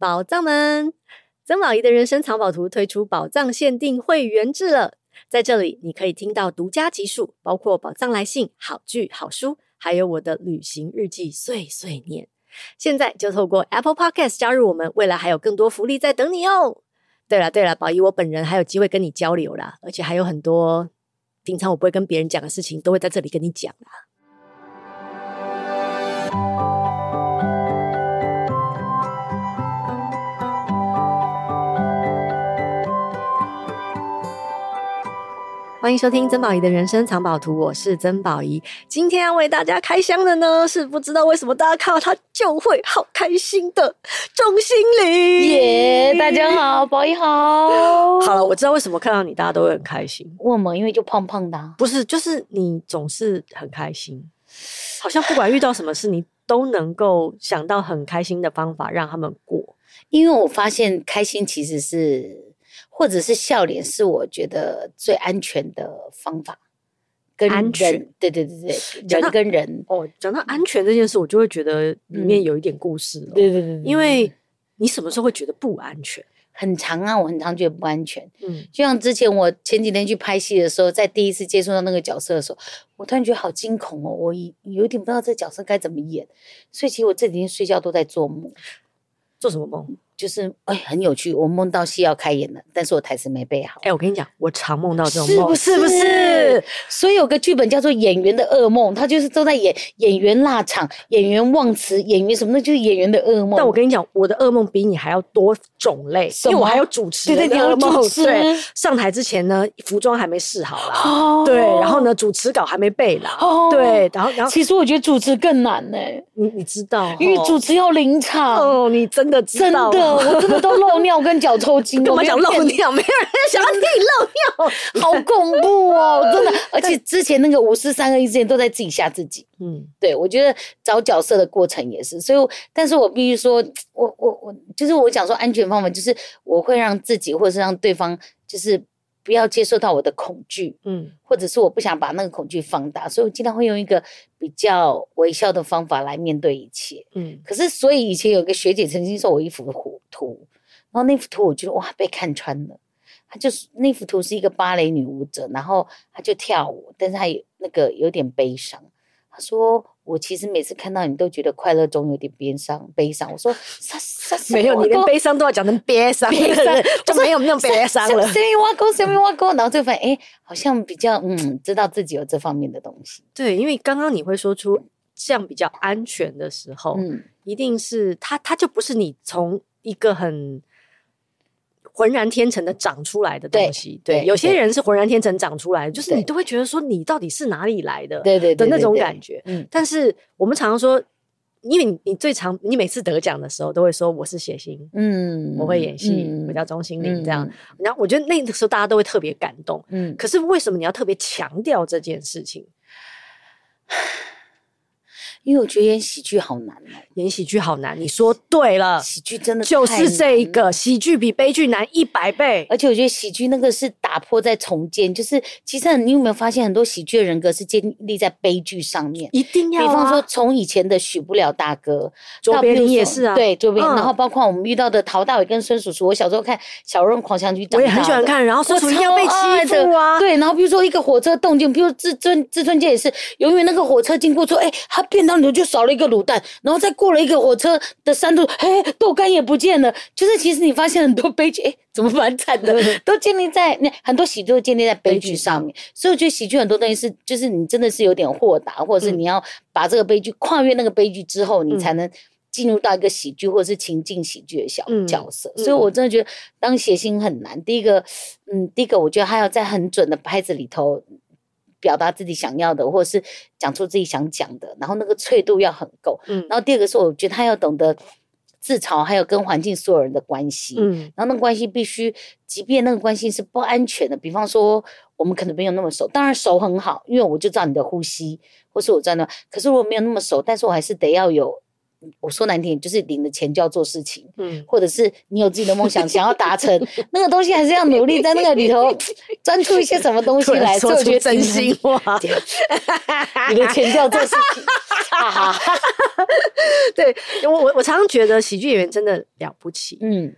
寶藏們，曾寶儀的人生藏寶圖推出寶藏限定會員制了。在這裡，你可以聽到獨家集數，包括寶藏來信、好劇、好書，還有我的旅行日記碎碎念。現在就透過 Apple Podcast 加入我們，未來還有更多福利在等你哦。對了對了，寶儀我本人還有機會跟你交流啦，而且還有很多平常我不會跟別人講的事情，都會在這裡跟你講啦、啊。歡迎收聽曾寶儀的人生藏寶圖，我是曾寶儀。今天要為大家開箱的呢，是不知道為什麼大家看到他就會好開心的鍾欣凌。耶、yeah，大家好，寶儀好。好了，我知道為什麼看到你大家都會很開心。為什麼？因為就胖胖的、啊。不是，就是你總是很開心，好像不管遇到什麼事，你都能夠想到很開心的方法讓他們過。因為我發現開心其實是。或者是笑臉是我覺得最安全的方法，跟安全對對對對，人跟人講到哦，講到安全這件事，我就會覺得裡面有一點故事了，哦。嗯、對，對對對，因為你什麼時候會覺得不安全？很常啊，我很常覺得不安全。嗯，就像之前我前幾天去拍戲的時候，在第一次接觸到那個角色的時候，我突然覺得好驚恐哦，我有點不知道這個角色該怎麼演，所以其實我這幾天睡覺都在做夢，做什麼夢？就是哎、欸，很有趣。我夢到戲要開演了，但是我台詞沒背好。哎、欸，我跟你講，我常夢到這種夢，是不是，是不是。所以有個劇本叫做《演員的噩夢》，他就是都在演演員蠟場、演員忘詞、演員什麼的，那就是演員的噩夢。但我跟你講，我的噩夢比你還要多種類，因為我還有主持人的噩夢。對，對對，你要主持。上台之前呢，服裝還沒試好了、哦。對，然後呢，主持稿還沒背呢、哦。對，然後然後，其實我覺得主持更難呢、欸。你你知道，因為主持要臨場。哦，你真的知道真的。哦、我真的都漏尿跟腳抽筋。我幹嘛講漏尿？沒有人想要聽你漏尿， 好恐怖哦！真的，而且之前那個五四三二一之前都在自己嚇自己。嗯， 對，我覺得找角色的過程也是，所以我，但是我必須說，我我我，就是我想說安全方法，就是我會讓自己，或者是讓對方，就是。不要接受到我的恐懼，嗯，或者是我不想把那個恐懼放大，所以我經常會用一個比較微笑的方法來面對一切，嗯。可是，所以以前有個學姐曾經送我一幅圖，然後那幅圖我覺得哇，被看穿了，她就是，那幅圖是一個芭蕾女舞者，然後她就跳舞，但是她有那個有點悲傷，她說。我其實每次看到你，都覺得快樂中有點悲傷，悲傷。我說，有說沒有，你連悲傷都要講成悲傷，傷 就沒有那種悲傷了。深挖溝，深挖溝，然後就發現，哎、欸，好像比較嗯，知道自己有這方面的東西。對，因為剛剛你會說出這樣比較安全的時候，嗯，一定是他，他就不是你從一個很。渾然天成的長出來的東西，對，對對，有些人是渾然天成長出來的，就是你都會覺得說，你到底是哪裡來的，對對的那種感覺。嗯，但是我們常常說，嗯、因為你你最常，你每次得獎的時候都會說，我是諧星，嗯，我會演戲，嗯、我叫鍾欣凌，這樣、嗯。然後我覺得那個時候大家都會特別感動，嗯。可是為什麼你要特別強調這件事情？ 因為我覺得演喜劇好難、啊、演喜劇好難。你說對了，喜劇真的就是這一個，喜劇比悲劇難一百倍。而且我覺得喜劇那個是打破再重建，就是其實你有沒有發現很多喜劇的人格是建立在悲劇上面，一定要、啊。比方說從以前的許不了大哥，卓別林你也是啊，對卓別林、嗯，然後包括我們遇到的陶大偉跟孫叔叔，我小時候看《小人物狂想曲》，長大我也很喜歡看，然後說，叔要被欺負啊，對，然後比如說一個火車動靜，比如自尊自尊姐也是，永遠那個火車經過處，哎，他變到。就少了一個滷蛋，然後再過了一個火車的山路，哎、欸，豆乾也不見了。就是其實你發現很多悲劇，哎、欸，怎麼蠻慘的？都建立在那，很多喜劇都建立在悲劇上面、嗯，所以我覺得喜劇很多東西是，就是你真的是有點豁達，或者是你要把這個悲劇跨越那個悲劇之後、嗯，你才能進入到一個喜劇或者是情境喜劇的小角色、嗯嗯。所以我真的覺得當諧星很難。第一個，嗯，第一個我覺得還要在很準的拍子裡頭。表達自己想要的，或者是講出自己想講的，然後那個脆度要很夠。嗯，然後第二個是，我覺得他要懂得自嘲，還有跟環境所有人的關係。嗯，然後那個關係必須，即便那個關係是不安全的，比方說我們可能沒有那麼熟，當然熟很好，因為我就知道你的呼吸，或是我在那。的。可是我沒有那麼熟，但是我還是得要有，我說難聽點，就是領了錢就要做事情。嗯，或者是你有自己的夢想，想要達成 那個東西，還是要努力在那個裡頭。 鑽出一些什麼東西來，做說出真心話！ 對笑你的前調做事情， 對，我我我常常覺得喜劇演員真的了不起，嗯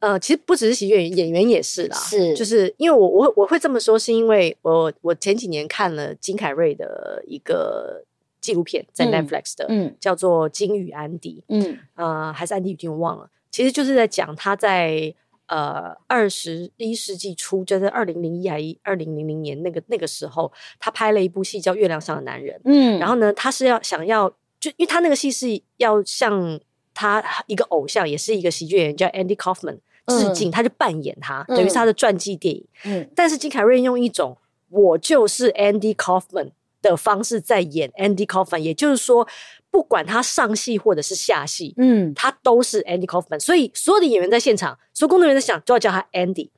呃，其實不只是喜劇演員，演員也是啦，是，就是因為我我我會這麼說，是因為我我前幾年看了金凱瑞的一個紀錄片，在 Netflix 的，嗯，叫做《金與安迪》，嗯啊，呃，還是安迪，已經忘了，其實就是在講他在。呃，二十一世紀初，就在二零零一還二零零零年那個那個時候，他拍了一部戲叫《月亮上的男人》。嗯，然後呢，他是要想要就因為他那個戲是要向他一個偶像，也是一個喜劇演員叫 Andy Kaufman 致敬，嗯，他就扮演他，等於他的傳記電影。嗯，但是金凱瑞用一種“我就是 Andy Kaufman”。的方式在演 Andy Kaufman，也就是說，不管他上戲或者是下戲，嗯，他都是 Andy Kaufman。所以所有的演員在現場，所有工作人員在想，就要叫他 Andy。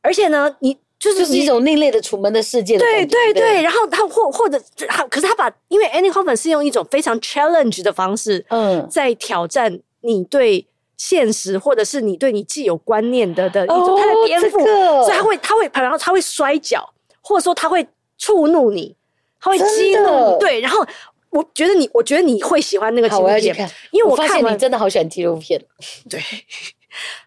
而且呢，你就是你就一種另類的《楚門的世界》。對對對，對。然後他或或者他，可是他把，因為 Andy Kaufman 是用一種非常 challenge 的方式，嗯，在挑戰你對現實，或者是你對你既有觀念的的，一種，哦，他的顛覆，這個，所以他會他會然後他會摔角，或者說他會觸怒你。他會激怒，對。然後我覺得你，我覺得你會喜歡那個紀錄片，因為我看，我發現你真的好喜歡紀錄片。 對。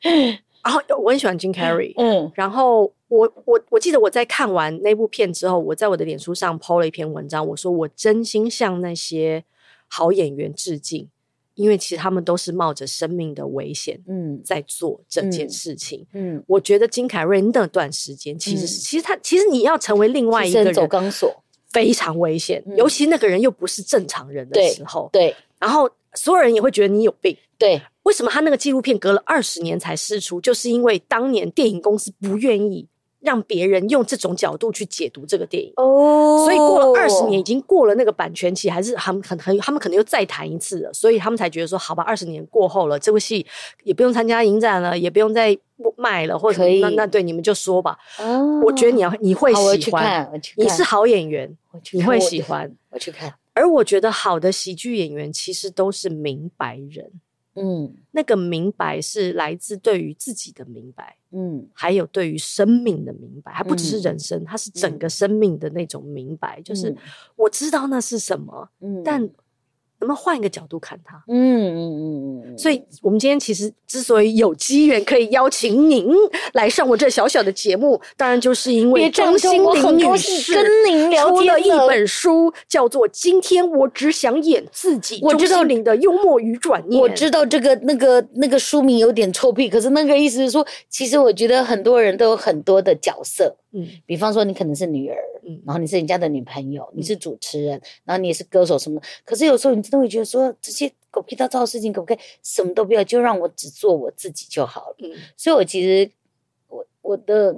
然後我很喜歡金凱瑞。嗯。然後我我我記得我在看完那部片之後，我在我的臉書上 PO 了一篇文章，我說我真心向那些好演員致敬，因為其實他們都是冒着生命的危險，嗯，在做這件事情，嗯。嗯。我覺得金凱瑞那段時間其實是、嗯，其實他其實你要成為另外一個人走鋼索。非常危險，嗯，尤其那個人又不是正常人的時候，對，對，然後所有人也會覺得你有病，對。為什麼他那個紀錄片隔了二十年才釋出？就是因為當年電影公司不願意。讓別人用這種角度去解讀這個電影哦，oh. 所以過了二十年，已經過了那個版權期，還是他們很很，很，他們可能又再談一次了，所以他們才覺得說，好吧，二十年過後了，這部戲也不用參加影展了，也不用再賣了，或者可以那那對你們就說吧。哦，oh，我覺得你要你會喜歡，你是好演員，你會喜歡我，我去看。而我覺得好的喜劇演員其實都是明白人。嗯，那個明白是來自對於自己的明白，嗯，還有對於生命的明白，還不只是人生，嗯，它是整個生命的那種明白，嗯，就是我知道那是什麼，嗯，但。我們換一個角度看它。嗯嗯嗯，所以 我們今天其實之所以有機緣可以邀請您來上我這小小的節目，當然就是因為鍾欣凌女士出了一本書，叫做《今天我只想演自己》，我知道您的幽默與轉念。我知道這個那個那個書名有點臭屁，可是那個意思是說，其實我覺得很多人都有很多的角色。嗯，比方說你可能是女兒、嗯，然後你是人家的女朋友，嗯、你是主持人、嗯，然後你也是歌手什麼。可是有時候你真的會覺得說，這些狗屁倒灶的事情可不可以什麼都不要，就讓我只做我自己就好了。嗯、所以我其實我我的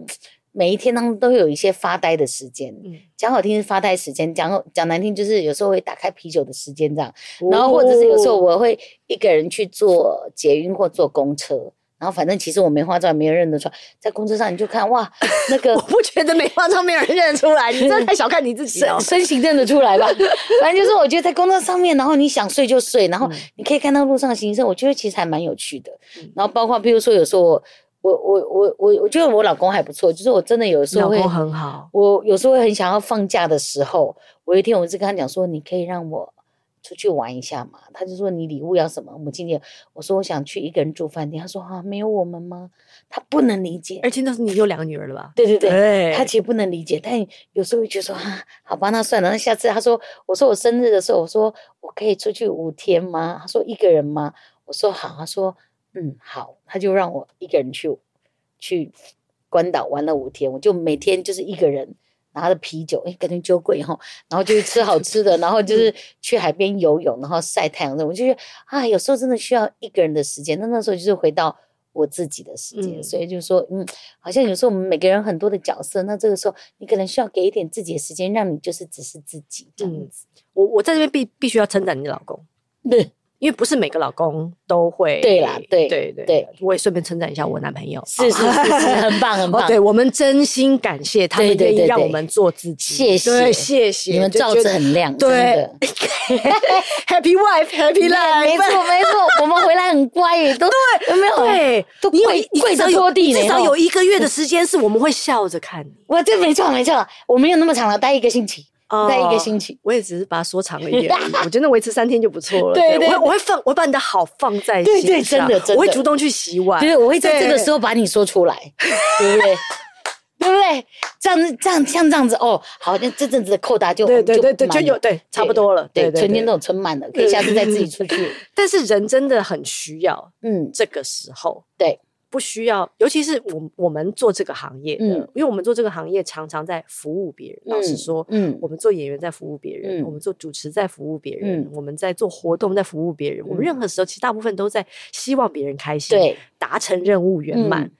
每一天當中都會有一些發呆的時間，嗯，講好聽是發呆時間，講講難聽就是有時候會打開啤酒的時間這樣。哦、然後或者是有時候我會一個人去坐捷運或坐公車。然後反正其實我沒化妝，也沒有認得出來，在公車上你就看哇，那個 我不覺得沒化妝，沒有人認得出來，你真的太小看你自己了、喔。身形認得出來吧？ 反正就是我覺得在公車上面，然後你想睡就睡，然後你可以看到路上的行人，我覺得其實還蠻有趣的、嗯。然後包括譬如說有時候我我我我我覺得我老公還不錯，就是我真的有時候老公很好，我有時候會很想要放假的時候，我有一天我就跟他講說，你可以讓我。出去玩一下嘛，他就說，你禮物要什麼？我今天我說我想去一個人住飯店，他說啊沒有我們嗎？他不能理解，而且那時候你有兩個女兒了吧？對對對，他其實不能理解，但有時候就說哈、啊、好吧，那算了。那下次他說我說我生日的時候我說我可以出去五天嗎？他說一個人嗎？我說好，他說嗯好，他就讓我一個人去去關島玩了五天，我就每天就是一個人。拿的啤酒，哎、欸，感覺酒鬼吼，然後就是吃好吃的， 然後就是去海邊游泳，然後曬太陽。那我就覺得啊，有時候真的需要一個人的時間。那那時候就是回到我自己的時間，嗯、所以就是說，嗯，好像有時候我們每個人很多的角色，那這個時候你可能需要給一點自己的時間，讓你就是只是自己這樣子。嗯、我我在這邊必必須要稱讚你的老公。嗯因為不是每個老公都會對啦對，對對對，對我也順便稱讚一下我男朋友，哦、是，是是是，很 棒很棒。很棒哦、對，我們真心感謝他們願意讓我們做自己，謝謝對謝，謝你們照子很亮，真的。 happy wife, happy life。沒錯沒錯， 我們回來很乖耶，都對，有沒有對、哦、對，都跪跪着拖地呢。至少有一個月的時間、嗯、是我們會笑着看，我就沒錯沒錯，我沒有那麼長了，待一個星期。在一個星期、呃，我也只是把它縮長了一點， 我覺得維持三天就不錯了。 對,對,對我我我會放，我會把你的好放在心上。對對,對，真的，真的，我會主動去洗碗。對，我會在這個時候把你說出來， 對不對？ 對不對？這樣子，這樣像這樣子，哦，好，那這陣子的扣打就就就對,對,對,對。就,就有對,對，差不多了。對,對,對,對，存天都存滿了，可以下次再自己出去。 但是人真的很需要，嗯，這個時候對。不需要，尤其是我我們做這個行業的，嗯，因為我們做這個行業常常在服務別人，嗯。老實說，嗯，我們做演員在服務別人，嗯，我們做主持在服務別人，嗯，我們在做活動在服務別人，嗯。我們任何時候其實大部分都在希望別人開心，對，達成任務圓滿，嗯。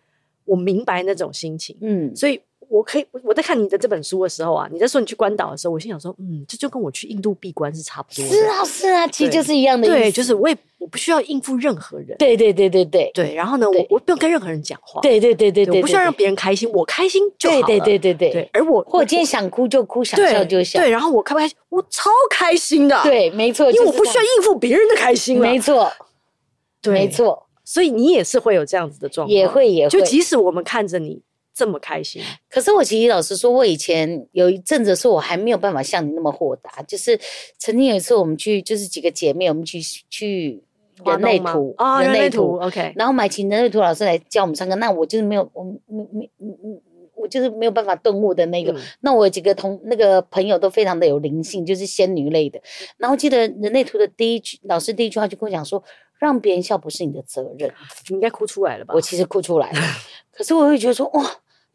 我明白那種心情，嗯，所以。我可以，我我在看你的這本書的時候啊，你在說你去關島的時候，我心想說，嗯，這就跟我去印度閉關是差不多。是啊，是啊，其實就是一樣的。對，就是我也我不需要應付任何人。對對對對對對。對然後呢，對對對對我我不用跟任何人講話。對對對對對，我不需要讓別人開心對對對對，我開心就好了。對對對對對。而我，或我今天想哭就哭，想笑就笑。對，對然後我開不開心，我超開心的。對，沒錯，因為我不需要應付別人的開心了，啊就是。沒錯，沒錯。所以你也是會有這樣子的狀況，也會，也會。就即使我們看着你。這麼開心，可是我其實老實說，我以前有一陣子說，我還沒有辦法像你那麼豁達。就是曾經有一次，我們去就是幾個姐妹，我們去去人類圖，人類圖、哦、人類圖，OK，然後買琴人類圖老師來教我們唱歌，那我就是沒有，我，我，我，我，我就是沒有辦法頓悟的那個、嗯。那我幾個同那個朋友都非常的有靈性，就是仙女類的。然後我記得人類圖的第一句老師第一句話就跟我講說：“讓別人笑不是你的責任。”你應該哭出來了吧？我其實哭出來了， 可是我會覺得說哇。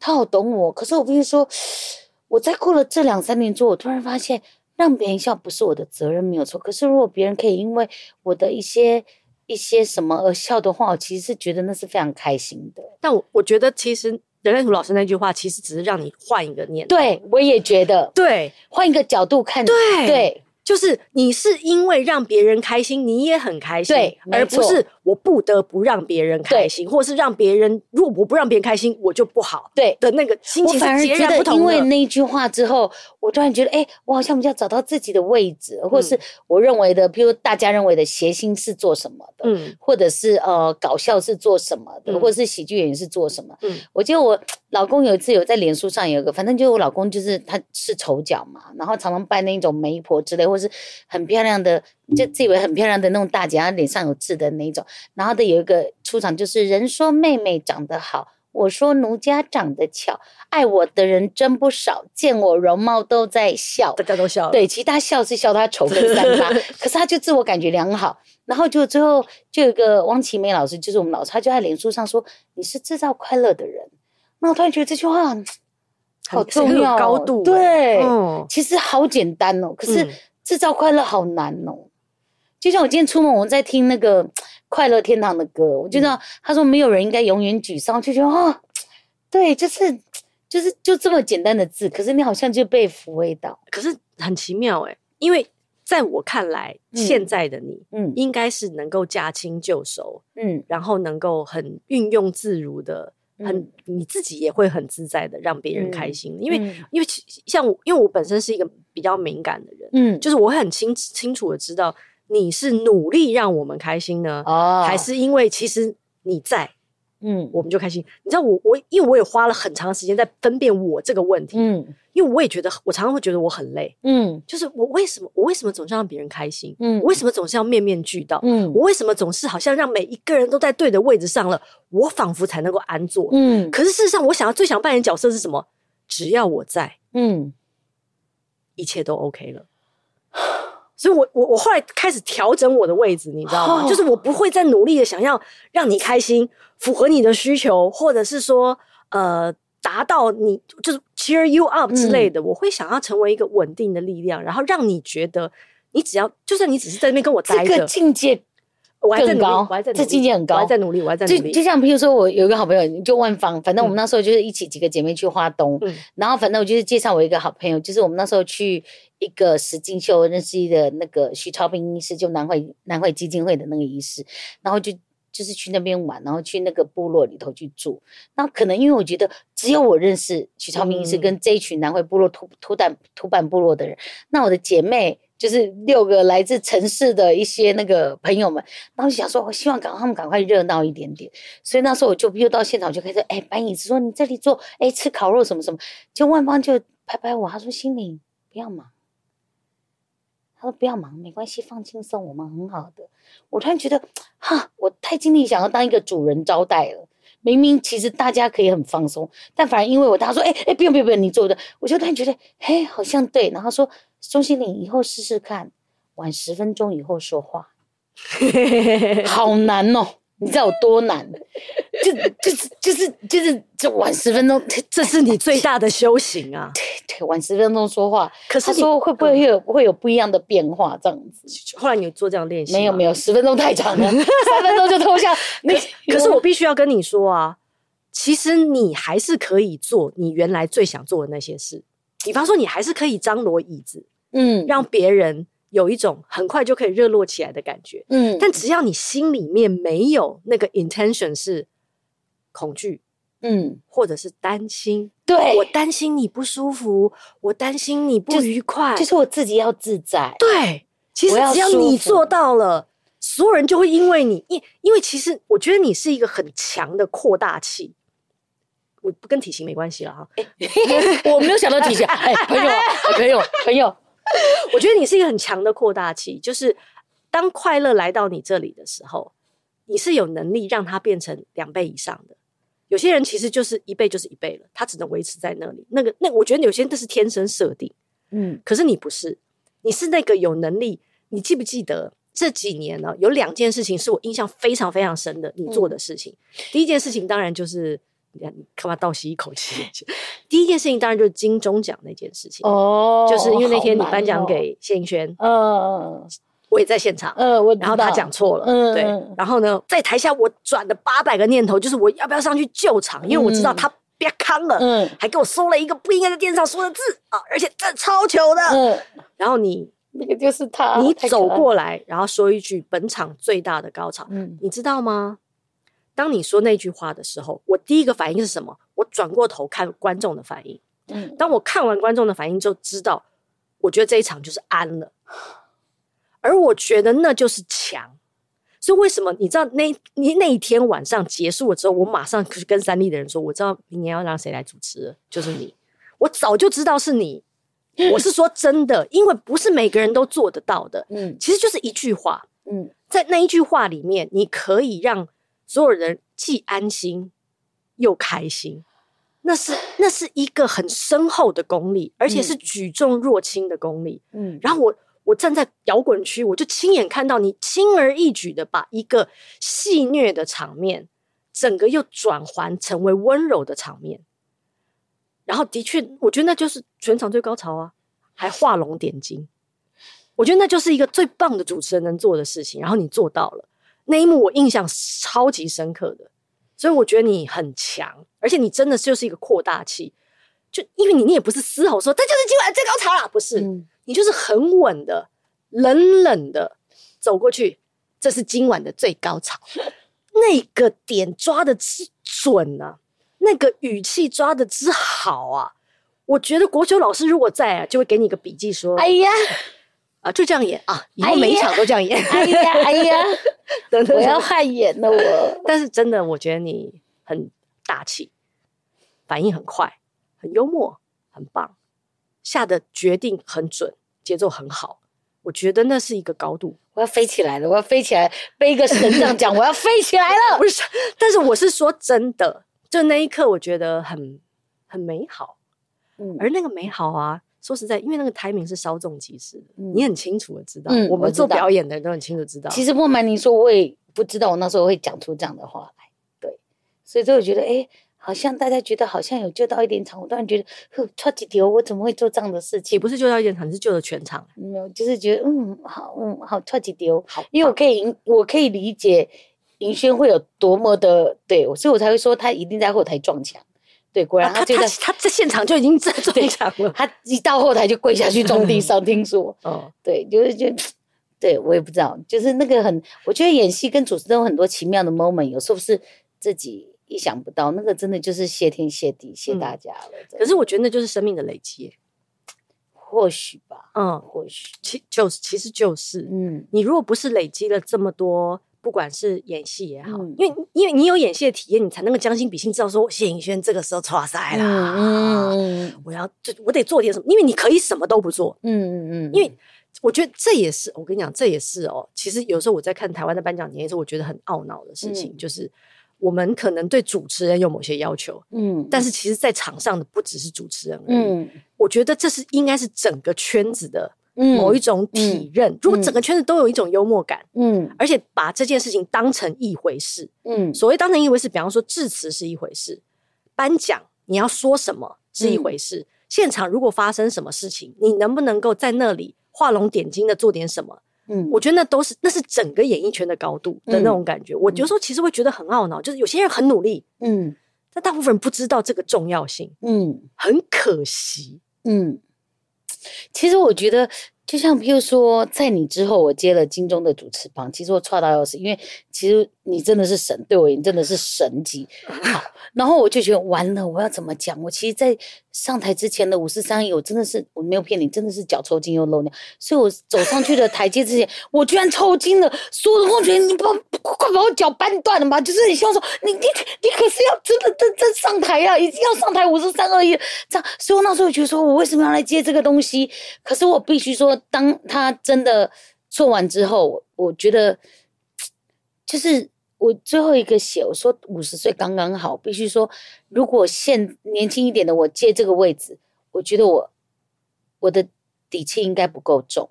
他好懂我，可是我跟你說，我在過了這兩三年之後，我突然發現，讓別人笑不是我的責任，沒有錯。可是如果別人可以因為我的一些一些什麼而笑的話，我其實是覺得那是非常開心的。但我我覺得，其實人類圖老師那句話，其實只是讓你換一個念頭。對，我也覺得， 對，換一個角度看。對。對。就是你是因為讓別人開心，你也很開心，對，而不是我不得不讓別人開心，對或是讓別人，如果我不讓別人開心，我就不好。對的那個心情截然不同。我反而覺得因為那一句話之後，我突然覺得，哎、欸，我好像比較找到自己的位置，或是我認為的，譬、嗯、如大家認為的諧星是做什麼的，嗯、或者是呃搞笑是做什麼的，嗯、或者是喜劇演員是做什麼。嗯，我覺得我老公有一次有在臉書上有一個，反正就是我老公就是他是丑角嘛，然後常常扮那種媒婆之類的。或是很漂亮的，就自以為很漂亮的那種大姐，她臉上有痣的那一種。然後的有一個出場，就是人說妹妹長得好，我說奴家長得巧，愛我的人真不少，見我容貌都在笑，大家都笑了。對，其實他笑是笑他醜的 可是他就自我感覺良好。然後就最後就有一個汪奇梅老師，就是我們老師，他就在臉書上說：“你是制造快樂的人。”那我突然覺得這句話很，好重要很很有高度、欸。對、嗯，其實好簡單哦、喔，可是。嗯製造快樂好難哦、喔，就像我今天出門，我在聽那個《快樂天堂》的歌，我就知道、嗯、他說沒有人應該永遠沮喪，就覺得哦，對，就是就是就這麼簡單的字，可是你好像就被撫慰到，可是很奇妙哎、欸，因為在我看來，現在的你，嗯，應該是能夠駕輕就熟，嗯，然後能夠很運用自如的。很、嗯，你自己也會很自在的讓別人開心，嗯、因為、嗯、因為像我，因為我本身是一個比較敏感的人，嗯，就是我很清清楚的知道你是努力讓我們開心呢，哦、還是因為其實你在。嗯，我們就開心。你知道我，我因為我也花了很長時間在分辨我這個問題。嗯，因為我也覺得，我常常會覺得我很累。嗯，就是我為什麼，我為什麼總是要讓別人開心？嗯，我為什麼總是要面面俱到？嗯，我為什麼總是好像讓每一個人都在對的位置上了，我仿佛才能夠安坐。嗯，可是事實上，我想要我最想扮演的角色是什麼？只要我在，嗯，一切都 OK 了。所以我，我我我後來開始調整我的位置，你知道嗎？Oh. 就是我不會再努力的想要讓你開心，符合你的需求，或者是說呃達到你就是 cheer you up 之類的。嗯、我會想要成為一個穩定的力量，然後讓你覺得你只要就算、是、你只是在那邊跟我待着，這個、境界更高我還在，努力我還在努力這境界很高，我還在努力，還在努力。就，就像比如說，我有一個好朋友，就萬芳。反正我們那時候就是一起幾個姐妹去花東，嗯，然後反正我就是介紹我一個好朋友，就是我們那時候去。一個石金秀認識一個那個徐超平醫師，就南回南回基金會的那個醫師，然後就就是去那邊玩，然後去那個部落裡頭去住。那可能因為我覺得只有我認識徐超平醫師跟這一群南回部落土土膽土坂部落的人，那我的姐妹就是六個來自城市的一些那個朋友們，然後想說，我希望趕快他們趕快熱鬧一點點，所以那時候我就又到現場就開始，哎，搬椅子說你這裡坐，哎，吃烤肉什麼什麼，就萬芳就拍拍我，她說：“欣凌，不要嘛。”他說：“不要忙，沒關係，放輕鬆，我們很好的。”我突然覺得，哈，我太盡力想要當一個主人招待了。明明其實大家可以很放鬆，但反而因為我他說：“誒、欸、誒、欸、不用不用不用，你做的。”我就突然覺得，誒、欸、好像對。然後說：“鍾欣凌，以後試試看，晚十分鐘以後說話。 ”好難哦。你知道有多難 就，就就是就是就是，就晚十分鐘，這是你最大的修行啊！哎、對對，晚十分鐘說話。可是他說會不會有、嗯、會有不一樣的變化？這樣子。後來你做這樣練習？沒有沒有，十分鐘太長了，三 分鐘就偷下笑。那可，可是我必須要跟你說啊，其實你還是可以做你原來最想做的那些事。比方說，你還是可以張羅椅子，嗯，讓別人。有一種很快就可以熱絡起來的感覺，嗯，但只要你心裡面沒有那個 intention 是恐懼，嗯，或者是擔心，對，我擔心你不舒服，我擔心你不愉快，就，就是我自己要自在，對，其實只要你做到了，所有人就會因為你，因因為其實我覺得你是一個很強的擴大器，我不跟體型沒關係了哈，我沒有想到體型，哎，朋友、啊，欸、朋友，朋友。 我覺得你是一個很強的擴大器，就是當快樂來到你這裡的時候，你是有能力讓它變成兩倍以上的。有些人其實就是一倍就是一倍了，他只能維持在那裡。那個，那我覺得有些人都是天生設定，嗯。可是你不是，你是那個有能力。你記不記得這幾年呢、啊？有兩件事情是我印象非常非常深的，你做的事情、嗯。第一件事情當然就是。你看，恐怕倒吸一口氣。洗一洗 第一件事情當然就是金鐘獎那件事情哦，oh, 就是因為那天你頒獎給謝盈萱，嗯、oh, oh,，oh, oh. 我也在現場，嗯、oh, oh.，然後他講錯了，嗯、oh, oh.，oh, oh. Oh, oh. 對，然後呢，在台下我轉了八百個念頭，就是我要不要上去救場，mm -hmm. 因為我知道他別堪了，嗯、mm -hmm.，還給我說了一個不應該在電視上說的字啊，而且這超糗的，嗯、mm -hmm.。然後你那個就是他，你走過來，然後說一句本場最大的高潮，嗯、mm -hmm.，你知道嗎？當你說那句話的時候，我第一個反應是什麼？我轉過頭看觀眾的反應。嗯，當我看完觀眾的反應，就知道，我覺得這一場就是安了。而我覺得那就是強。所以為什麼你知道那你那一天晚上結束了之後，我馬上去跟三立的人說，我知道明年要讓誰來主持，就是你。我早就知道是你。我是說真的， 因為不是每個人都做得到的。嗯，其實就是一句話。嗯，在那一句話裡面，你可以讓。所有人既安心又開心，那是那是一個很深厚的功力，而且是舉重若輕的功力。嗯，然後我我站在搖滾區，我就親眼看到你輕而易舉的把一個戲謔的場面，整個又轉換成為溫柔的場面。然後，的確，我覺得那就是全場最高潮啊，還畫龍點睛。我覺得那就是一個最棒的主持人能做的事情，然後你做到了。那一幕我印象超級深刻的，所以我覺得你很強，而且你真的是就是一個擴大器。就因為你，你也不是嘶吼說“這就是今晚的最高潮啦，不是，嗯、你就是很穩的、冷冷的走過去。這是今晚的最高潮， 那個點抓的之準呢、啊，那個語氣抓的之好啊！我覺得國修老師如果在啊，就會給你一個筆記說：“哎呀，啊，就這樣演啊，以後每一場都這樣演。哎呀” 哎呀，哎呀。 我要汗顏了，我 但是真的，我覺得你很大氣，反應很快，很幽默，很棒，下的決定很準，節奏很好。我覺得那是一個高度，我要飛起來了，我要飛起來，背一個神杖，講， 我要飛起來了。不是，但是我是說真的，就那一刻我覺得很很美好、嗯，而那個美好啊。說實在，因為那個台名，是稍縱即逝，你很清楚的知道。嗯、我們做表演的都很清楚知道。嗯嗯嗯嗯、其實不瞞您說，我也不知道我那時候會講出這樣的話來。對，所以這我覺得，哎、欸，好像大家覺得好像有救到一點場，我突然覺得，呵，超級丟，我怎麼會做這樣的事情？也不是救到一點場，是救了全場。沒、嗯、有，就是覺得，嗯，好，嗯，好，超級丟。因為我可以，我可以理解銀軒會有多麼的對，所以我才會說他一定在後台撞牆。對，果然他就在，啊，他他，他在現場就已經在中場了。 他一到後臺就跪下去種地上， 聽說哦，對，就是就，對，我也不知道，就是那個很，我覺得演戲跟主持都有很多奇妙的 moment，有時候是自己意想不到，那個真的就是謝天謝地，嗯、謝大家了。真的。可是我覺得就是生命的累積，欸，或許吧，嗯，或許其就是其實就是嗯，你如果不是累積了這麼多。不管是演戲也好，嗯、因為因為你有演戲的體驗，你才能夠將心比心，知道說謝盈萱這個時候出塞了，嗯，我要就我得做點什麼，因為你可以什麼都不做，嗯嗯嗯，因為我覺得這也是我跟你講，這也是哦，喔，其實有時候我在看台灣的頒獎典禮的時候，我覺得很懊惱的事情，嗯，就是我們可能對主持人有某些要求，嗯，但是其實，在場上的不只是主持人而已，嗯，我覺得這是應該是整個圈子的。某一種體認、嗯嗯，如果整個圈子都有一種幽默感，嗯，而且把這件事情當成一回事，嗯，所謂當成一回事，比方說致辭是一回事，頒獎你要說什麼是一回事、嗯，現場如果發生什麼事情，你能不能夠在那裡畫龍點睛的做點什麼，嗯，我覺得那都是那是整個演藝圈的高度的那種感覺、嗯。我覺得說其實會覺得很懊惱、嗯，就是有些人很努力，嗯，但大部分人不知道這個重要性，嗯，很可惜，嗯。其實我覺得，就像比如說，在你之後我接了金鐘的主持棒，其實我剉到要死，因為其實你真的是神，對我也真的是神級。好，然後我就覺得完了，我要怎麼講？我其實，在。上台之前的五四三二一，我真的是我沒有騙你，真的是腳抽筋又漏尿，所以我走上去的台階之前， 我居然抽筋了，所有的工作人員，你把快把我腳扳斷了嘛，就是你希望說，你你你可是要真的真的真的上台呀、啊，已經要上台五四三二一這樣。所以我那時候覺得說，我為什麼要來接這個東西？可是我必須說，當他真的做完之後，我，我覺得就是。我最後一個寫，我說五十歲剛剛好，必須說，如果現年輕一點的我接這個位置，我覺得我我的底氣應該不夠重。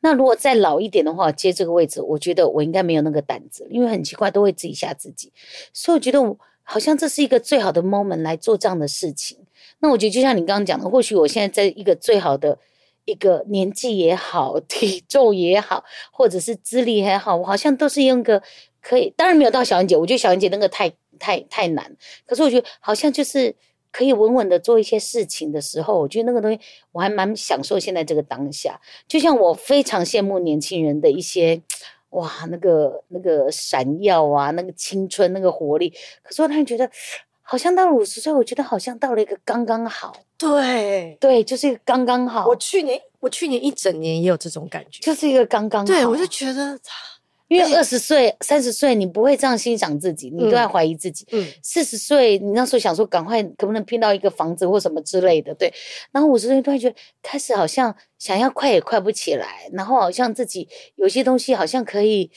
那如果再老一點的話接這個位置，我覺得我應該沒有那個膽子，因為很奇怪都會自己嚇自己。所以我覺得我好像這是一個最好的 moment 來做這樣的事情。那我覺得就像你剛剛講的，或許我現在在一個最好的。一個年紀也好，體重也好，或者是資歷也好，我好像都是用個可以，當然沒有到小燕姐，我覺得小燕姐那個太太太難。可是我覺得好像就是可以穩穩的做一些事情的時候，我覺得那個東西我還蠻享受現在這個當下。就像我非常羨慕年輕人的一些哇，那個那個閃耀啊，那個青春，那個活力。可是我突然覺得。好像到了五十歲，我覺得好像到了一個剛剛好。對對，就是一個剛剛好。我去年，我去年一整年也有這種感覺，就是一個剛剛好。對我就覺得，因為二十歲、三十歲你不會這樣欣賞自己，你都在懷疑自己。嗯，四十歲你那時候想說，趕快可不能拼到一個房子或什麼之類的。對，然後五十歲突然覺得開始好像。想要快也快不起來，然後好像自己有些東西好像可以，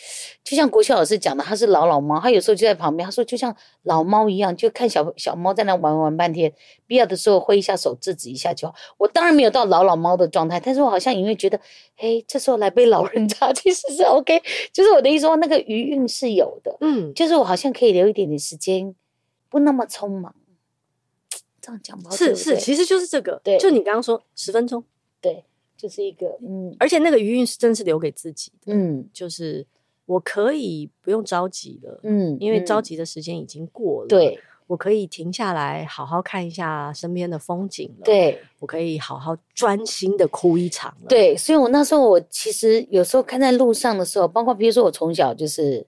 就像國修老師講的，他是老老貓，他有時候就在旁邊，他說就像老貓一樣，就看小小貓在那玩玩半天，必要的時候揮一下手制止一下就好。我當然沒有到老老貓的狀態，但是我好像隱約覺得，哎，這時候來杯老人茶，其實是 OK，就是我的意思說那個餘韻是有的，嗯，就是我好像可以留一點點時間，不那麼匆忙，這樣講嗎？是，對不對？是，其實就是這個，對，就你剛剛說十分鐘，對。就是一個，嗯，而且那個餘韻是真是留給自己的，嗯，就是我可以不用着急了，嗯，因為着急的時間已經過了，對、嗯，我可以停下來好好看一下身邊的風景了，對，我可以好好專心的哭一場了，對，所以我那時候我其實有時候看在路上的時候，包括比如說我從小就是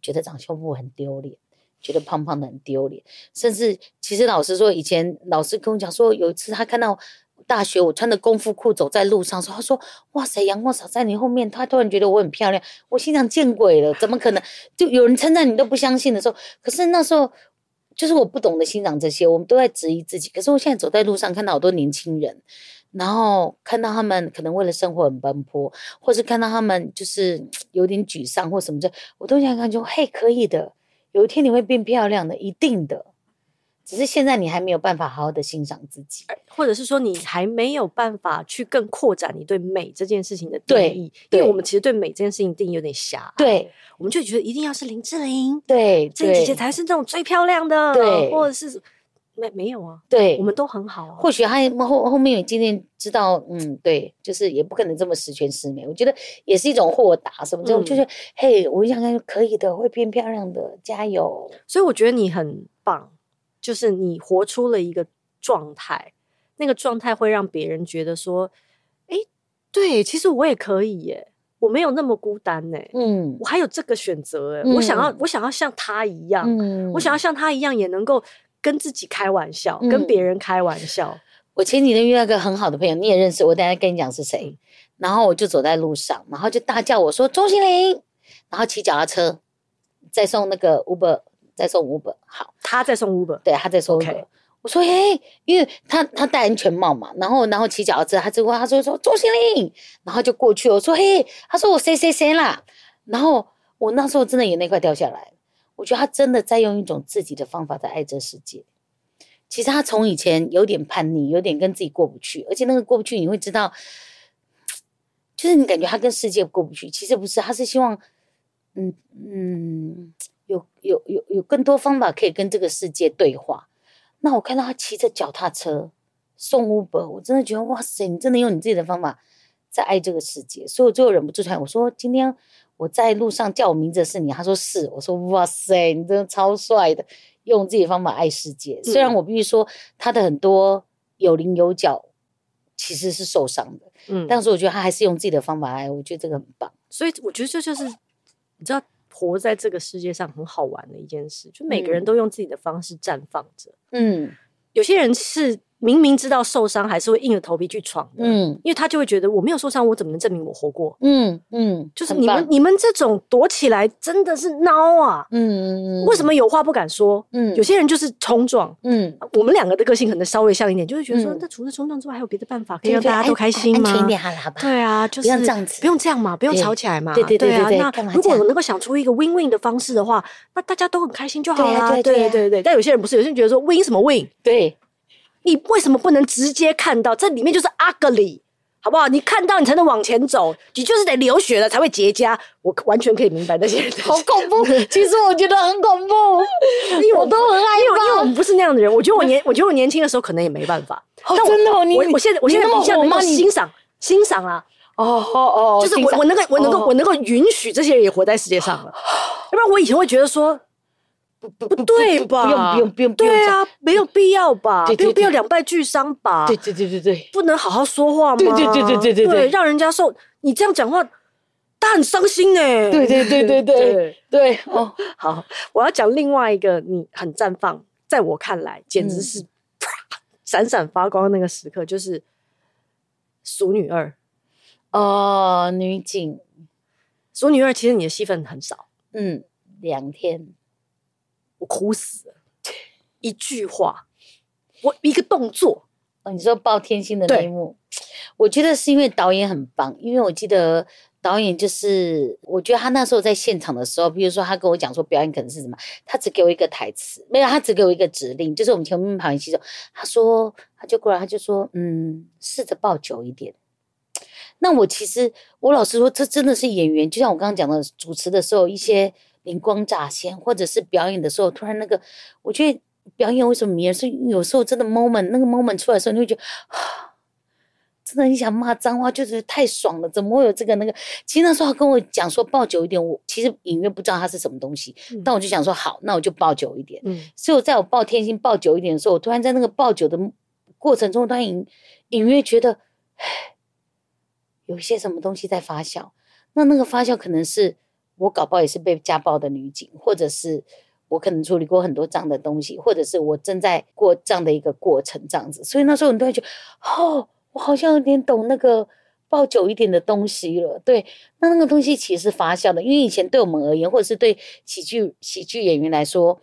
覺得長胸部很丟臉，覺得胖胖的很丟臉，甚至其實老實說，以前老師跟我講說，有一次他看到。大學我穿的功夫褲走在路上，時候，他說哇塞，陽光灑在你後面，他突然覺得我很漂亮，我心想見鬼了，怎麼可能？就有人稱讚你都不相信的時候，可是那時候就是我不懂得欣賞這些，我們都在質疑自己。可是我現在走在路上，看到好多年輕人，然後看到他們可能為了生活很奔波，或是看到他們就是有點沮喪或什麼的，我都想感覺嘿，可以的，有一天你會變漂亮的，一定的。只是現在你還沒有辦法好好的欣賞自己，或者是說你還沒有辦法去更擴展你對美這件事情的定義，對對因為我們其實對美這件事情定義有點狹隘，對，我們就覺得一定要是林志玲，對，這幾些才是那種最漂亮的，對，或者是沒沒有啊？對，我們都很好、啊。或許他後後面也今天知道，嗯，對，就是也不可能這麼十全十美。我覺得也是一種豁達，什麼這種就是、嗯，嘿，我想看可以的，會變漂亮的，加油。所以我覺得你很棒。就是你活出了一個狀態，那個狀態會讓別人覺得說：“哎，對，其實我也可以耶，我沒有那麼孤單呢，嗯，我還有這個選擇、嗯、我想要，我想要像他一樣，嗯、我想要像他一樣，也能夠跟自己開玩笑，嗯、跟別人開玩笑。嗯、我前幾天遇到一個很好的朋友，你也認識我，我等下跟你講是誰。然後我就走在路上，然後就大叫我說：鍾欣凌」，然後騎腳踏車，再送那個 Uber。”再送五本，好，他再送五本。對，他再送五本。Okay. 我說嘿，因為他他戴安全帽嘛，然後然後起腳之後，他之後他說說鍾欣凌，然後就過去。我說嘿，他說我誰誰誰啦，然後我那時候真的眼淚快掉下來，我覺得他真的在用一種自己的方法在愛這世界。其實他從以前有點叛逆，有點跟自己過不去，而且那個過不去，你會知道，就是你感覺他跟世界過不去，其實不是，他是希望，嗯嗯。有有有有更多方法可以跟這個世界對話，那我看到他騎着腳踏車送 Uber，我真的覺得哇塞，你真的用你自己的方法在愛這個世界，所以我最後忍不住出來，我說：“今天我在路上叫我名字的是你。”他說：“是。”我說：“哇塞，你真的超帥的，用自己的方法愛世界。嗯”雖然我必須說他的很多有稜有角其實是受傷的，嗯，但是我覺得他還是用自己的方法愛，我覺得這個很棒。所以我覺得這就是你知道。活在這個世界上很好玩的一件事，就每個人都用自己的方式綻放着。嗯，有些人是。明明知道受傷，還是會硬着頭皮去闖。嗯，因為他就會覺得我沒有受傷，我怎麼能證明我活過？嗯嗯，就是你們你們這種躲起來真的是孬啊，嗯，為什麼有話不敢說？嗯，有些人就是衝撞。嗯，我們兩個的個性可能稍微像一點，嗯、就是覺得說，嗯、那除了衝撞之外，還有別的辦法對對對，可以讓大家都開心嗎？嘛。啊、安全一點好了，好吧？對啊，就是不用，這樣子，不用這樣嘛，不用吵起來嘛，對對對對，對，對、啊。那如果我能夠想出一個 win-win 的方式的話，那大家都很開心就好啦。對對對、啊、對對對，但有些人不是，有些人覺得說 win 什麼 win。對。你為什麼不能直接看到這裡面就是 ugly 好不好？你看到你才能往前走，你就是得流血了才會結痂。我完全可以明白那些，好恐怖。 其實我覺得很恐怖， 因為我，我都很害怕。因為，我們不是那樣的人。我覺得我年， 我覺得我年輕的時候可能也沒辦法。Oh, 但我真的、哦，我你我現在我現在你那麼能夠欣賞欣賞啊！哦哦哦，就是我我能夠、oh, oh. 我能夠我能夠允許這些人也活在世界上了。Oh, oh. 要不然我以前會覺得說。不對吧？ 不用，不用，不用，對啊，沒有必要吧？沒有必要兩敗俱傷吧？對對對，對不，不能好好說話嗎？對對對對對，對，對，對，對，對讓人家受你這樣講話，他很傷心哎、欸！對對對對對對哦對對，對對對對好，我要講另外一個，你很綻放，在我看來簡直是閃閃發光那個時刻，就是俗女二哦，女警俗女二，其實你的戲份很少，嗯，兩天。我哭死了！一句話，我一個動作。哦，你說抱天心的那一幕，我覺得是因為導演很棒，因為我記得導演就是，我覺得他那時候在現場的時候，比如說他跟我講說表演可能是什麼，他只給我一個台詞，沒有，他只給我一個指令，就是我們前面跑一起走。他說，他就過來，他就說，嗯，試着抱久一點。那我其實，我老實說，這真的是演員，就像我剛剛講的，主持的時候一些。靈光乍現，或者是表演的時候，突然那個，我覺得表演為什麼迷人？是有時候真的 moment，那個 moment 出來的時候，你會覺得，真的你想罵髒話，就是太爽了。怎麼會有這個那個？其實那時候他跟我講說抱久一點，我其實隱約不知道它是什麼東西，嗯，但我就想說好，那我就抱久一點。嗯，所以我在我抱天心抱久一點的時候，我突然在那個抱久的過程中，我突然隱隱約覺得，有些什麼東西在發酵。那那個發酵可能是。我搞不好也是被家暴的女警，或者是我可能處理過很多這樣的東西，或者是我正在過這樣的一個過程這樣子。所以那時候很多人覺得，哦，我好像有點懂那個爆久一點的東西了。對，那那個東西其實是發酵的，因為以前對我們而言，或者是對喜劇喜劇演員來說，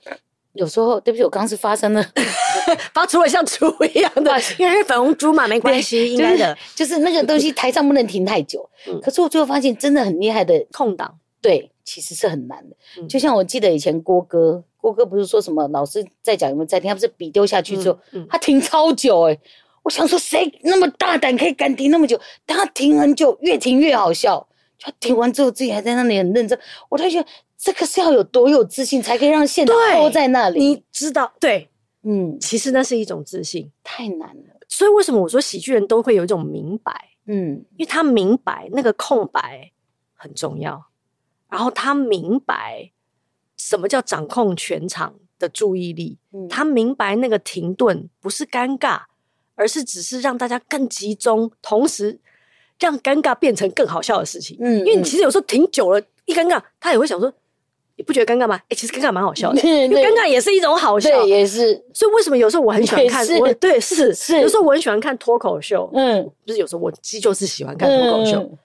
有時候對不起，我剛剛是發生了 發出了像豬一樣的，因為是粉紅豬嘛，沒關係，應該的、就是，就是那個東西台上不能停太久。 嗯、可是我最後發現真的很厲害的空檔。對，其實是很難的，嗯。就像我記得以前郭哥，郭哥不是說什麼老師在講，有沒有在聽，他不是筆丟下去之後，嗯嗯，他停超久哎，欸。我想說，誰那麼大膽可以敢停那麼久？但他停很久，嗯，越停越好笑。他停完之後自己還在那裡很認真。我在想，這個是要有多有自信，才可以讓現頭摳在那裡？你知道？對，嗯，其實那是一種自信，太難了。所以為什麼我說喜劇人都會有一種明白？嗯，因為他明白那個空白很重要。然後他明白什麼叫掌控全場的注意力。嗯，他明白那個停頓不是尷尬，而是只是讓大家更集中，同時讓尷尬變成更好笑的事情。嗯，因為你其實有時候停久了，一尷尬，他也會想說，嗯、你不覺得尷尬嗎？哎，欸，其實尷尬蠻好笑的，尷尬也是一種好笑，對，也是。所以為什麼有時候我很喜歡看？我對是是，有時候我很喜歡看脫口秀。嗯，就是有時候我就是喜歡看脫口秀。嗯嗯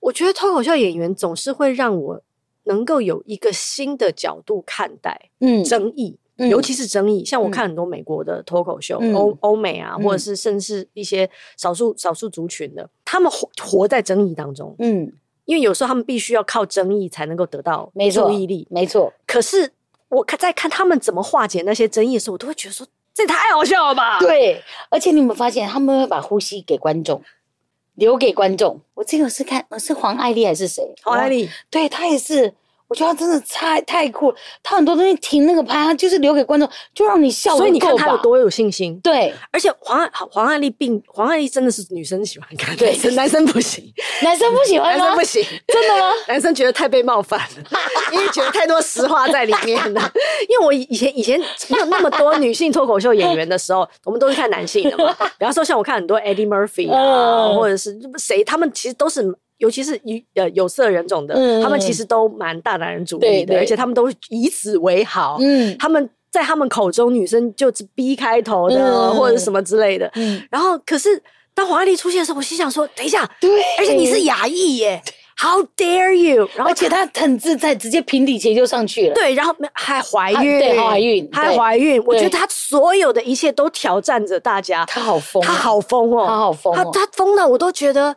我覺得脫口秀演員總是會讓我能夠有一個新的角度看待嗯爭議，尤其是爭議。嗯、像我看很多美國的脫口秀、歐、嗯、歐美啊、嗯，或者是甚至一些少數少數族群的，他們活活在爭議當中。嗯，因為有時候他們必須要靠爭議才能夠得到注意力，沒錯。可是我看在看他們怎麼化解那些爭議的時候，我都會覺得說這太好笑了吧？對，而且你有沒有發現他們會把呼吸給觀眾？留給觀眾。我這個是看，是黃愛麗還是誰？黃愛麗，對，她也是。我覺得他真的太太酷了，他很多東西停那個拍，他就是留給觀眾，就讓你笑。所以你看他有多有信心。對，而且黃黃愛麗病，黃愛麗真的是女生喜歡看的，男生不行，男生不喜歡。男生不行，真的嗎？男生覺得太被冒犯了， 犯了 因為覺得太多實話在裡面了。 因為我以前以前沒有那麼多女性脫口秀演員的時候， 我們都是看男性的嘛。 比方說，像我看很多 Eddie Murphy 啊，oh. 或者是誰，他們其實都是。尤其是呃有色人種的。嗯、他們其實都蠻大男人主義的。對對對，而且他們都以此為豪。嗯，他們在他們口中，女生就是 B 開頭的、嗯、或者什麼之類的。嗯，然後可是當黃阿麗出現的時候，我心想說：“等一下，對，而且你是亞裔耶、欸、，How dare you！” 然後他而且她很自在，直接平底鞋就上去了。對，然後還懷孕，孕，對，懷孕，還懷孕。我覺得她所有的一切都挑戰着大家。她好瘋、喔，她好瘋哦、喔，她好瘋、喔，她她瘋了，我都覺得。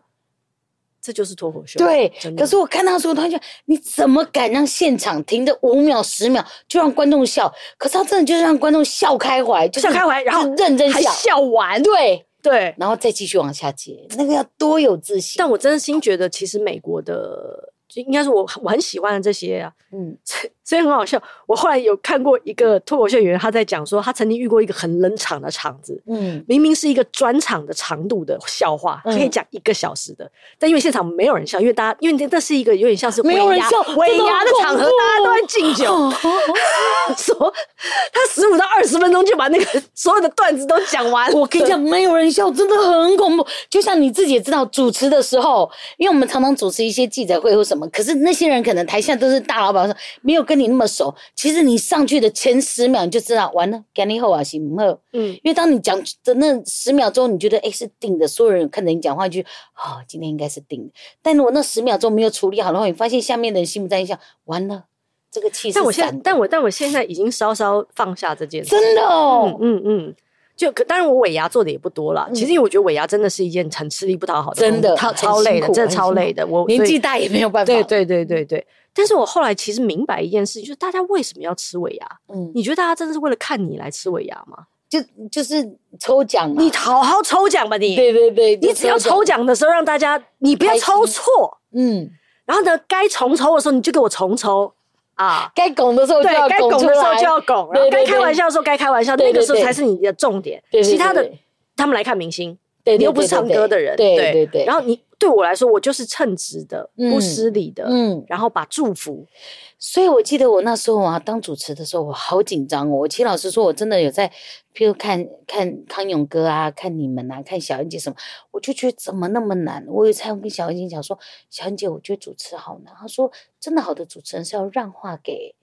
這就是脫口秀。對，可是我看他的時候，他就你怎麼敢讓現場停的五秒、十秒，就讓觀眾笑？可是他真的就是讓觀眾笑開懷，笑開懷，然後認真笑，還笑完，對對，然後再繼續往下接，那個要多有自信。但我真心覺得，其實美國的。應該是我我很喜歡的這些啊，嗯，所以很好笑。我後來有看過一個脫口秀演員，他在講說，他曾經遇過一個很冷場的場子，嗯，明明是一個專場的長度的笑話，嗯、可以講一個小時的，但因為現場沒有人笑，因為大家，因為這是一個有點像是尾沒有人笑，尾牙的場合，大家都在敬酒，說、嗯、 他十五到二十分鐘就把那個所有的段子都講完。我跟你講，沒有人笑，真的很恐怖。就像你自己也知道，主持的時候，因為我們常常主持一些記者會或什麼。可是那些人可能台下都是大老闆，說沒有跟你那麼熟。其實你上去的前十秒你就知道完了，干後啊行嗎？嗯，因為當你講的那十秒鐘，你覺得哎是定的，所有人看着你講話，就哦，今天應該是定的。但如果那十秒鐘沒有處理好的話，你發現下面的人心不在焉，下完了這個氣勢。但我現在但我但我現在已經稍稍放下這件事，真的哦，嗯嗯。嗯就當然我尾牙做的也不多了、嗯，其實因為我覺得尾牙真的是一件很吃力不討好的，真的,超累的,超,累的超累的，真的超累的。我年紀大也沒有辦法。對對對對,對,對。但是我後來其實明白一件事就是大家為什麼要吃尾牙？嗯，你覺得大家真的是為了看你來吃尾牙嗎？就就是抽獎，你好好抽獎吧，你。對對對。你只要抽獎的時候讓大家，你不要抽錯，嗯。然後呢，該重抽的時候你就給我重抽。啊，該拱的時候就要拱，該開玩笑的時候該開玩笑，對對對，那個時候才是你的重點。對對對，其他的，對對對，他們來看明星，對對對，你又不是唱歌的人，對對對，對，對，對，對，對，然後你。對我來說，我就是稱職的、嗯，不失禮的，嗯，然後把祝福。所以我記得我那時候啊，當主持的時候，我好緊張哦。我其實老實說，我真的有在，譬如看看，看康永哥啊，看你們吶、啊，看小燕姐什麼，我就覺得怎麼那麼難。我有才跟小燕姐講說，小燕姐，我覺得主持好難。她說，真的好的主持人是要讓話給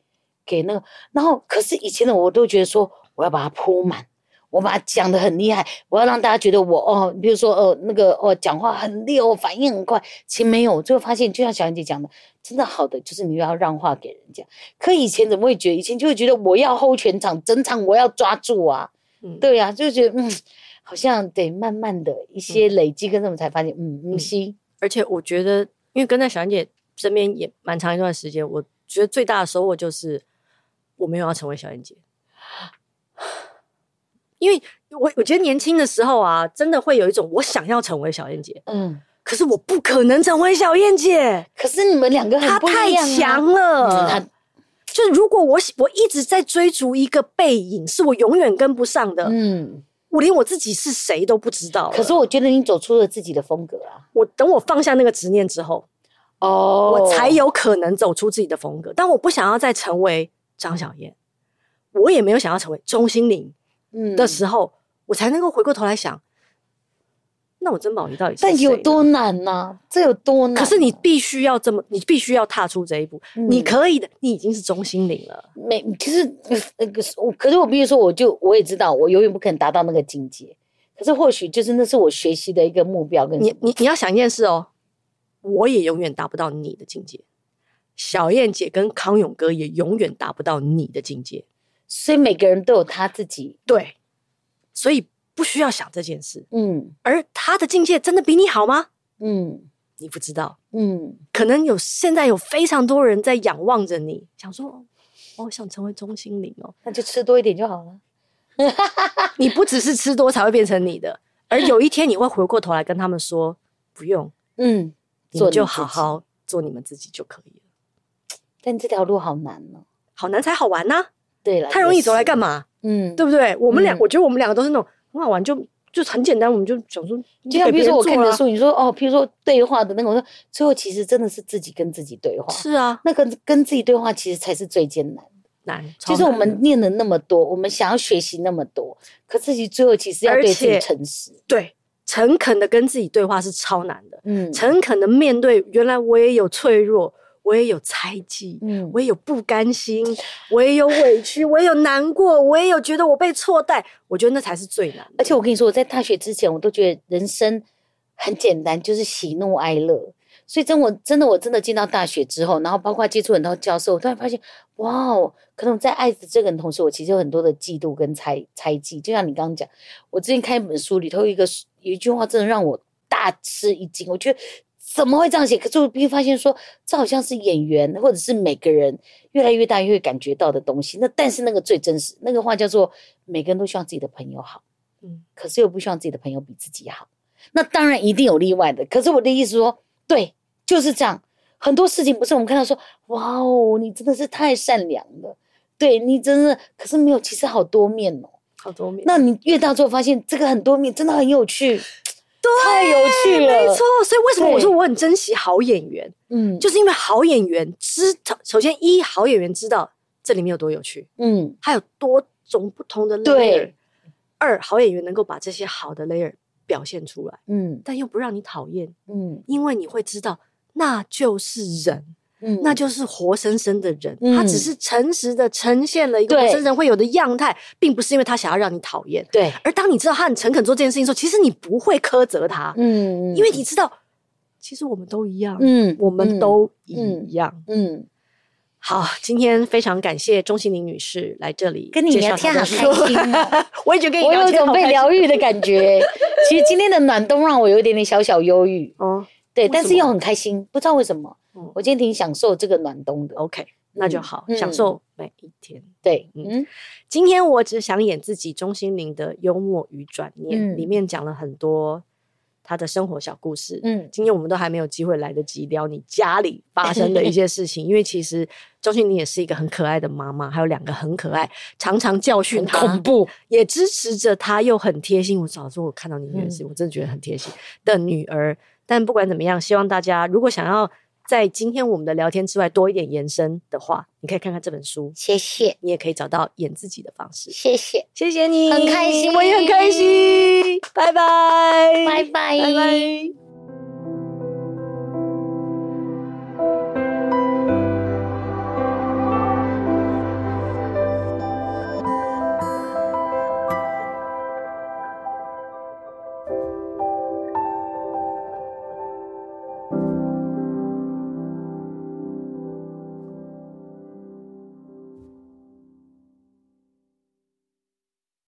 給那個，然後可是以前的我都覺得說，我要把它鋪滿。我把它講的很厲害，我要讓大家覺得我哦，比如說哦那個哦，講話很厲害我、哦、反應很快，其實沒有，我最後發現，就像小燕姐講的，真的好的就是你就要讓話給人家。可以前怎麼會覺得？以前就會覺得我要 hold 全場，整場我要抓住啊，嗯、對呀、啊，就覺得嗯，好像得慢慢的一些累積，跟什麼才發現嗯嗯心、嗯、而且我覺得，因為跟在小燕姐身邊也蠻長一段時間，我覺得最大的收穫就是我沒有要成為小燕姐。 因為我我覺得年輕的時候啊，真的會有一種我想要成為小燕姐，嗯，可是我不可能成為小燕姐。可是你們兩個他太強了，嗯、就是如果我我一直在追逐一個背影，是我永遠跟不上的，嗯，我連我自己是誰都不知道。可是我覺得你走出了自己的風格啊，我等我放下那個執念之後，哦，我才有可能走出自己的風格。但我不想要再成為張小燕、嗯，我也沒有想要成為鍾欣凌。嗯，的時候，我才能夠回過頭來想，那我曾寶儀你到底是。但有多難呢、啊？這有多難、啊？可是你必須要這麼，你必須要踏出這一步、嗯。你可以的，你已經是鍾欣凌了。沒，其實那個我，可是我必須說，我就我也知道，我永遠不可能達到那個境界。可是或許就是那是我學習的一個目標跟。跟你你你要想一件事哦，我也永遠達不到你的境界。小燕姐跟康永哥也永遠達不到你的境界。所以每個人都有他自己對，所以不需要想這件事。嗯，而他的境界真的比你好嗎？嗯，你不知道。嗯，可能有現在有非常多人在仰望着你，想說、哦：“我想成為鍾欣凌哦，那就吃多一點就好了。 ”你不只是吃多才會變成你的，而有一天你會回過頭來跟他們說：“不用，嗯，你就好好做你，做你們自己就可以了。”但這條路好難呢、哦，好難才好玩呢、啊。對了，太容易走來幹嘛？嗯，對不對？嗯、我們兩，我覺得我們兩個都是那種很好、嗯、玩就，就就很簡單，我們就想說就像比如說我看的書，你說哦，譬如說對話的那個，我說最後其實真的是自己跟自己對話，是啊，那跟、個、跟自己對話其實才是最艱難的難。其實、就是、我們念了那麼多，我們想要學習那麼多，可自己最後其實要對自己誠實，對，誠懇的跟自己對話是超難的，嗯，誠懇的面對原來我也有脆弱。我也有猜忌，嗯，我也有不甘心，我也有委屈， 我也有難過，我也有覺得我被錯待。我覺得那才是最難的。而且我跟你說，我在大學之前，我都覺得人生很簡單，就是喜怒哀樂。所以真我真的我真的進到大學之後，然後包括接觸很多教授，我突然發現，哇，可能在愛着這個人同時，我其實有很多的嫉妒跟猜猜忌。就像你剛剛講，我最近看一本書裡頭一個有一句話，真的讓我大吃一驚。我覺得。怎麼會這樣寫？可是我突然發現說，說這好像是演員，或者是每個人越來越大越會感覺到的東西。那但是那個最真實，那個話叫做每個人都希望自己的朋友好，嗯，可是又不希望自己的朋友比自己好。那當然一定有例外的。可是我的意思說，對，就是這樣。很多事情不是我們看到說，哇哦，你真的是太善良了，對，你真的。可是沒有，其實好多面哦，好多面。那你越大之後發現這個很多面，真的很有趣。對，太有趣了，沒錯。所以為什麼我說我很珍惜好演員？嗯，就是因為好演員知道，首先一，好演員知道這裡面有多有趣，嗯，還有多種不同的 layer。對。二，好演員能夠把這些好的 layer 表現出來，嗯，但又不讓你討厭，嗯，因為你會知道那就是人。嗯、那就是活生生的人，嗯，他只是誠實的呈現了一個活生生會有的樣態，並不是因為他想要讓你討厭。對，而當你知道他很誠懇做這件事情的時候，其實你不會苛責他。嗯，因為你知道，嗯，其實我們都一樣。嗯，我們都一樣。嗯，嗯，好，今天非常感謝鍾欣凌女士來這裡跟你聊天，好開心，哦。 我也覺得跟你聊天好 我有一種被療癒的感覺。 其實今天的暖冬讓我有點點小小憂鬱。哦、嗯，對，但是又很開心，不知道為什麼。我今天挺享受這個暖冬的，OK，、嗯、那就好、嗯，享受每一天。對，嗯，嗯今天我只想演自己。鍾欣凌的幽默與轉念、嗯、裡面講了很多他的生活小故事。嗯，今天我們都還沒有機會來得及聊你家裡發生的一些事情， 因為其實鍾欣凌也是一個很可愛的媽媽，還有兩個很可愛，常常教訓他，恐怖也支持着他，又很貼心。我早知道我看到你演戲，我真的覺得很貼心的女兒。但不管怎麼樣，希望大家如果想要。在今天我們的聊天之外，多一點延伸的話，你可以看看這本書。謝謝，你也可以找到演自己的方式。謝謝，謝謝你，很開心，我也很開心。拜 拜，拜拜，拜拜。